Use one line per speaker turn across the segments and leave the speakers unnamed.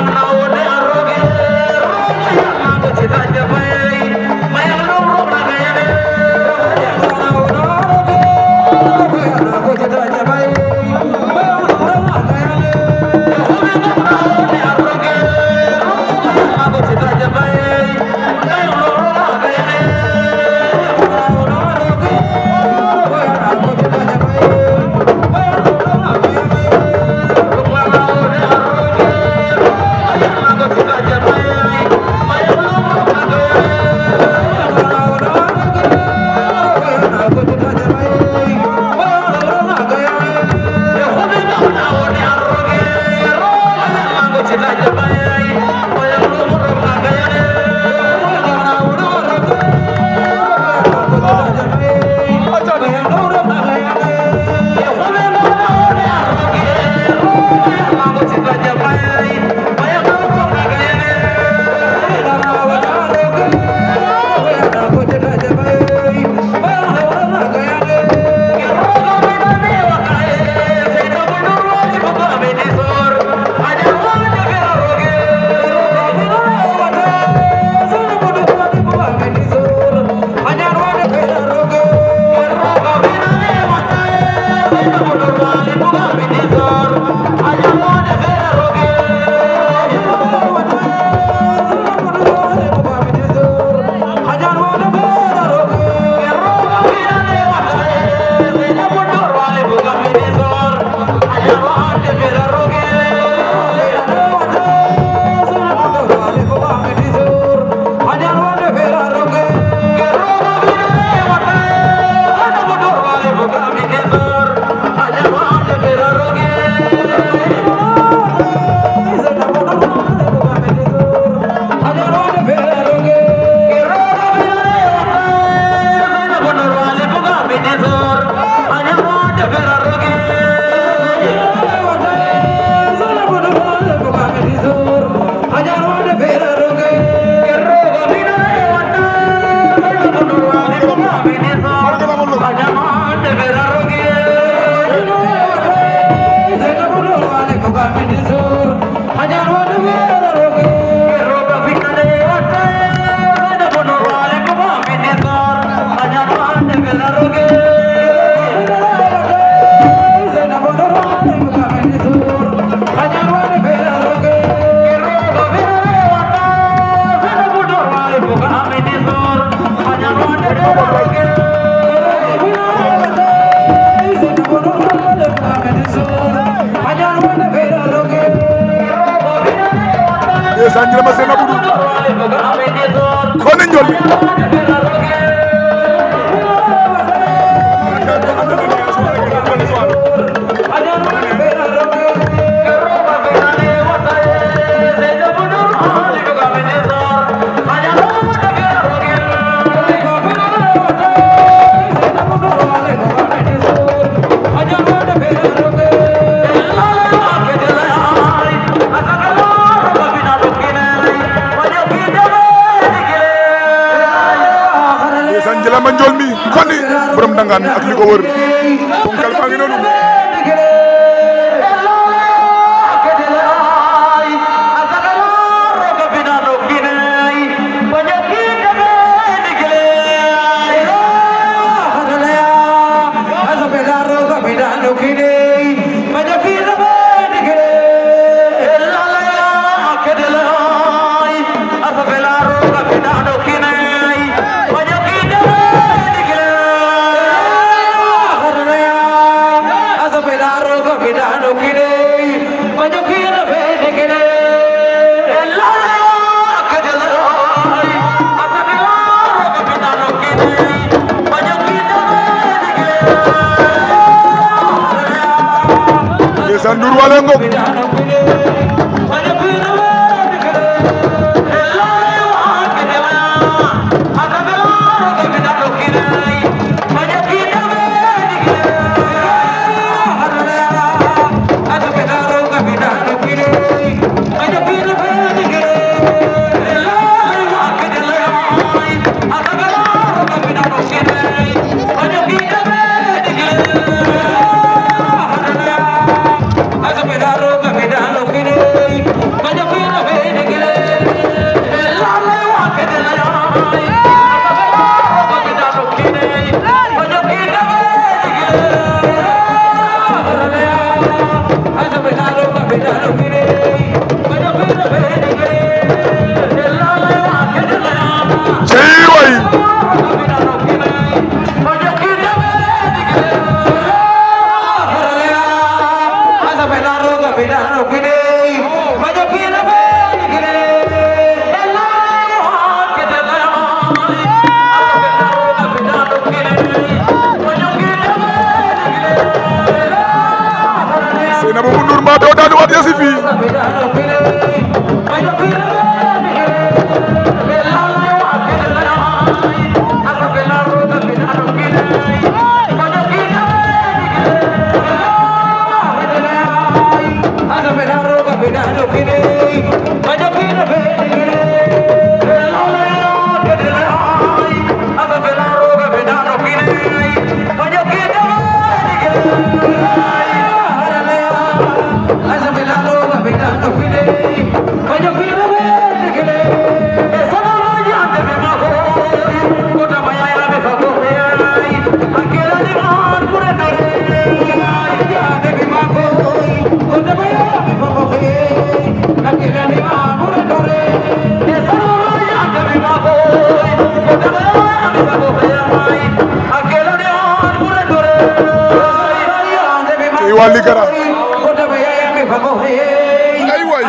আমরা Ndeysaan di ramasser Nabou Dou Koné Ndiol ci lamba njool mi koni borom dangaan ak li ko wër ponkal baa ngi wala ngok waa Ligara ay way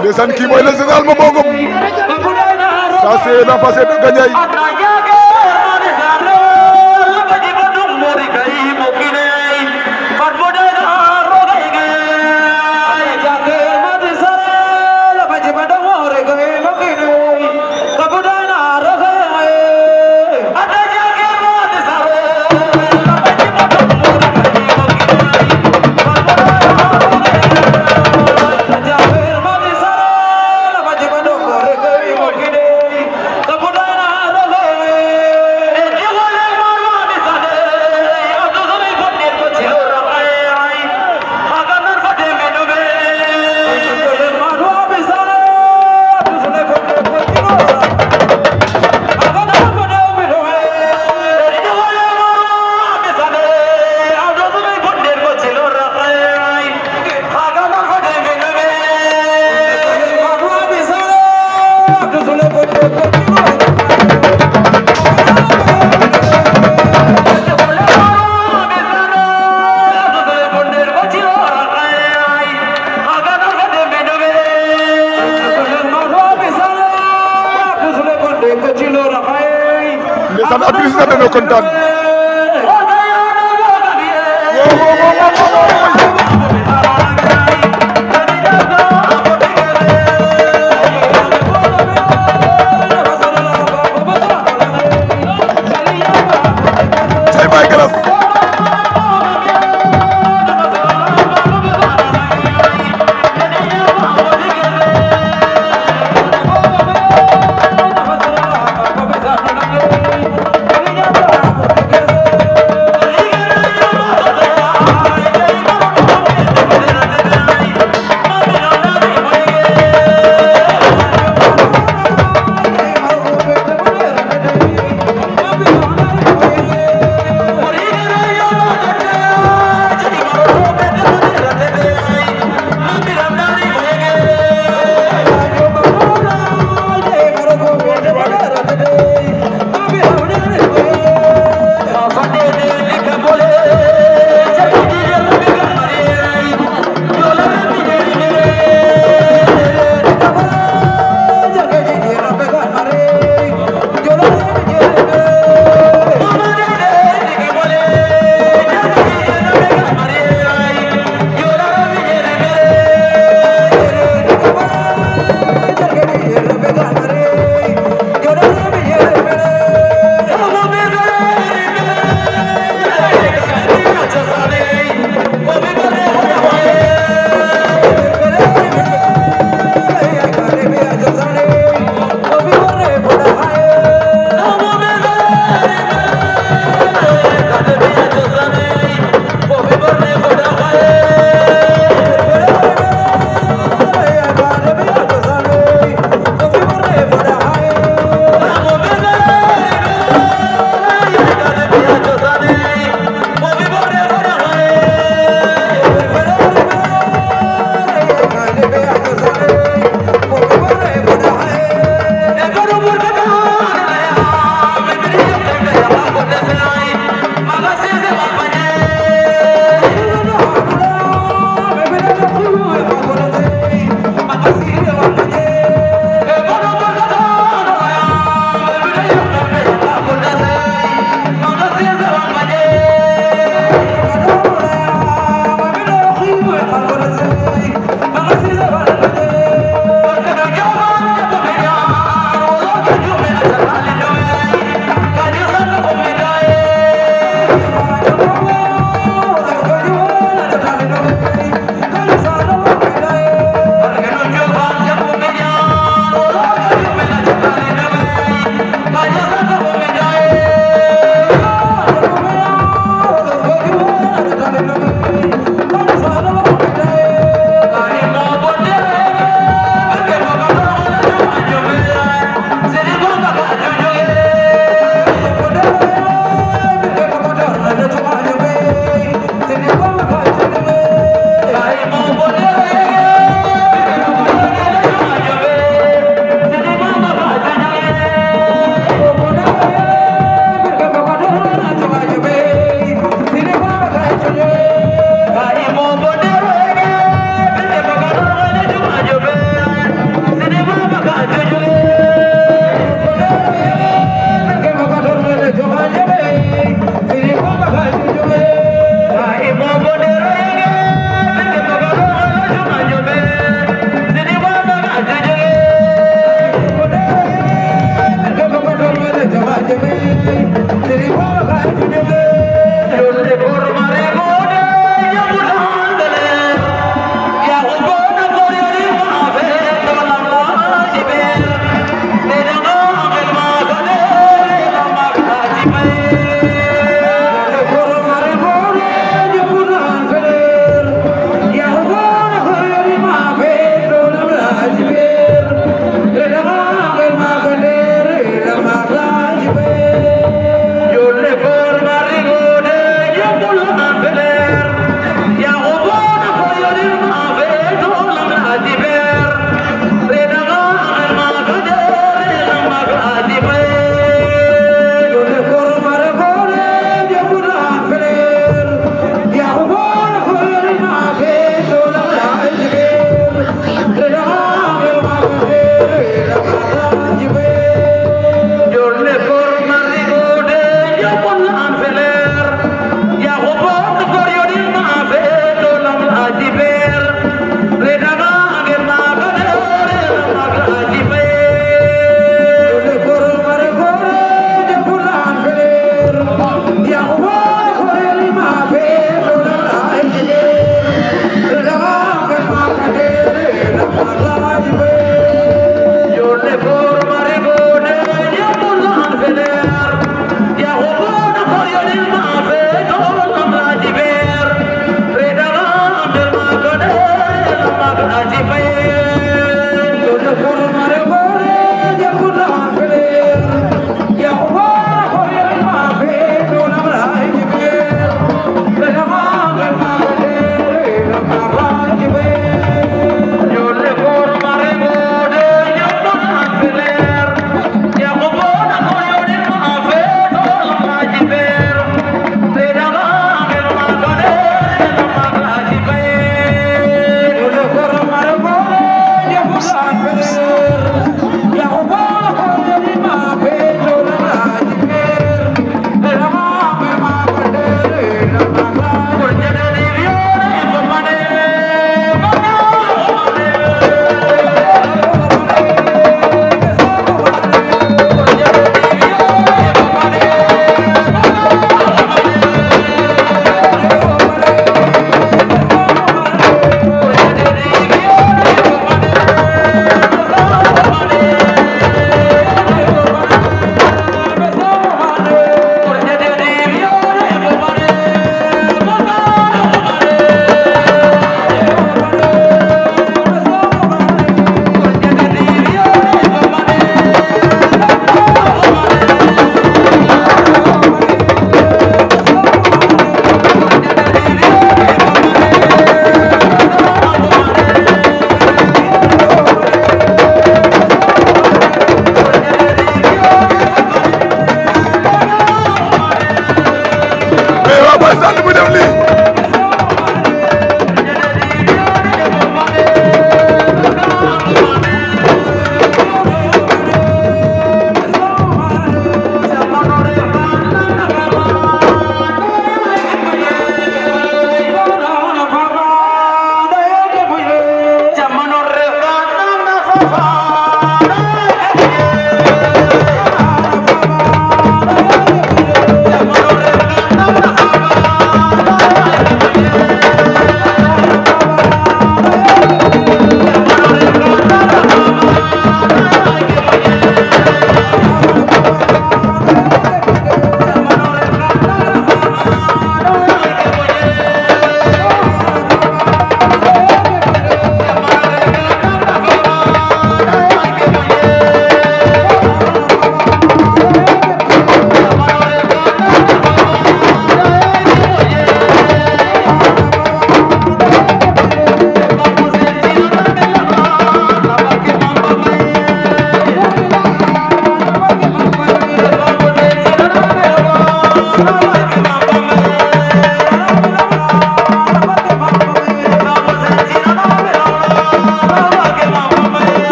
ndeysaan kii mooy le général Mabongom ça c'est la facette de Gandiaye